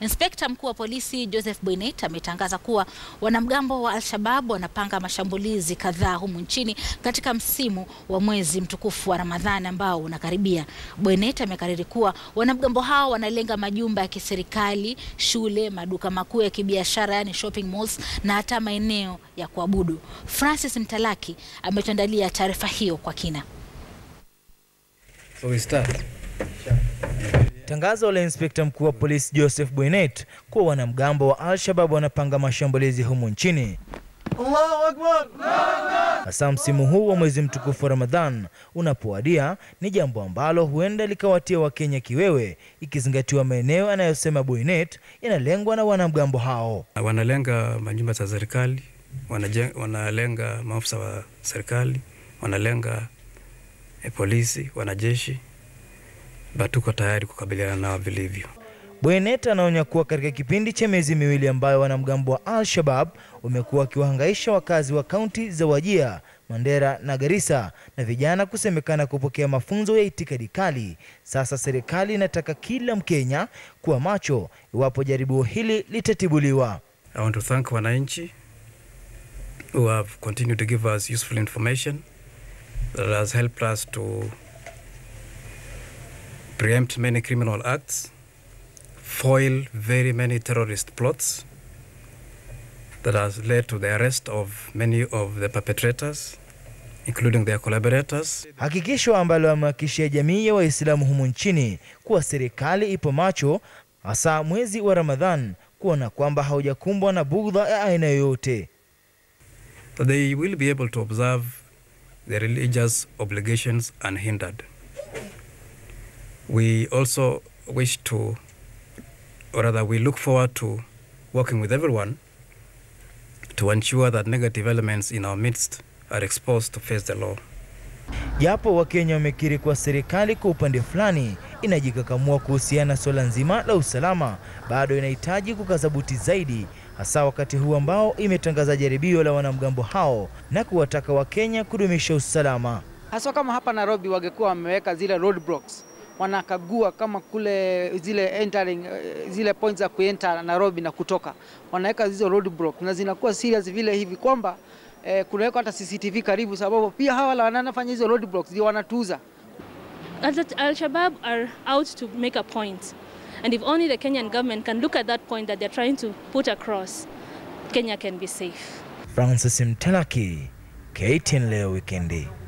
Inspekta mkuu wa polisi Joseph Boinnet ametangaza kuwa wanamgambo wa Al-Shabab wanapanga mashambulizi kadhaa humu nchini katika msimu wa mwezi mtukufu wa Ramadhani ambao unakaribia. bonet amekariri kuwa wanamgambo hao wanalenga majumba ya kiserikali, shule, maduka makuu ya kibiashara yani shopping malls na hata maeneo ya kuabudu. Francis Mtalaki ametuandalia taarifa hiyo kwa kina. So we start. Sure. Tangazo la inspekta mkuu wa polisi Joseph Boynet kuwa wanamgambo wa Al-Shabab wanapanga mashambulizi humu nchini hasa msimu huu wa mwezi mtukufu wa Ramadhan unapowadia ni jambo ambalo huenda likawatia Wakenya kiwewe, ikizingatiwa maeneo anayosema Boynet yanalengwa na wanamgambo hao. Wanalenga manyumba za serikali, wanalenga maafisa wa serikali, wanalenga eh, polisi, wanajeshi na tuko tayari kukabiliana nao vilivyo. Bwenet anaonya kuwa katika kipindi cha miezi miwili ambayo wanamgambo wa Al-Shabab wamekuwa wakiwahangaisha wakazi wa kaunti za Wajia, Mandera na Garissa na vijana kusemekana kupokea mafunzo ya itikadi kali. Sasa serikali inataka kila Mkenya kuwa macho iwapo jaribio hili litatibuliwa. I want to thank wananchi who have continued to give us useful information that has helped us to preempt many criminal acts, foil very many terrorist plots that has led to the arrest of many of the perpetrators including their collaborators. Hakikisho ambalo amehakikishia jamii ya Waislamu humu nchini kuwa serikali ipo macho hasa mwezi wa Ramadhan kuona kwamba haujakumbwa na bugdha ya aina yoyote. They will be able to observe their religious obligations unhindered. We also wish to, or rather, we look forward to working with everyone to ensure that negative elements in our midst are exposed to face the law. Japo Wakenya wamekiri kuwa serikali kwa upande fulani inajikakamua kuhusiana na swala nzima la usalama, bado inahitaji kukaza buti zaidi, hasa wakati huu ambao imetangaza jaribio la wanamgambo hao na kuwataka Wakenya kudumisha usalama, haswa kama hapa Nairobi wangekuwa wameweka zile roadblocks wanakagua kama kule zile entering, eh, zile points za kuenta Nairobi na kutoka, wanaweka hizo roadblock na zinakuwa serious vile hivi kwamba eh, kunawekwa hata CCTV karibu, sababu pia hawa wanafanya hizo roadblocks ndio wanatuza. Al-Shabaab are out to make a point and if only the Kenyan government can look at that point that they're trying to put across, Kenya can be safe. Francis Mtelaki, KTN leo wikendi.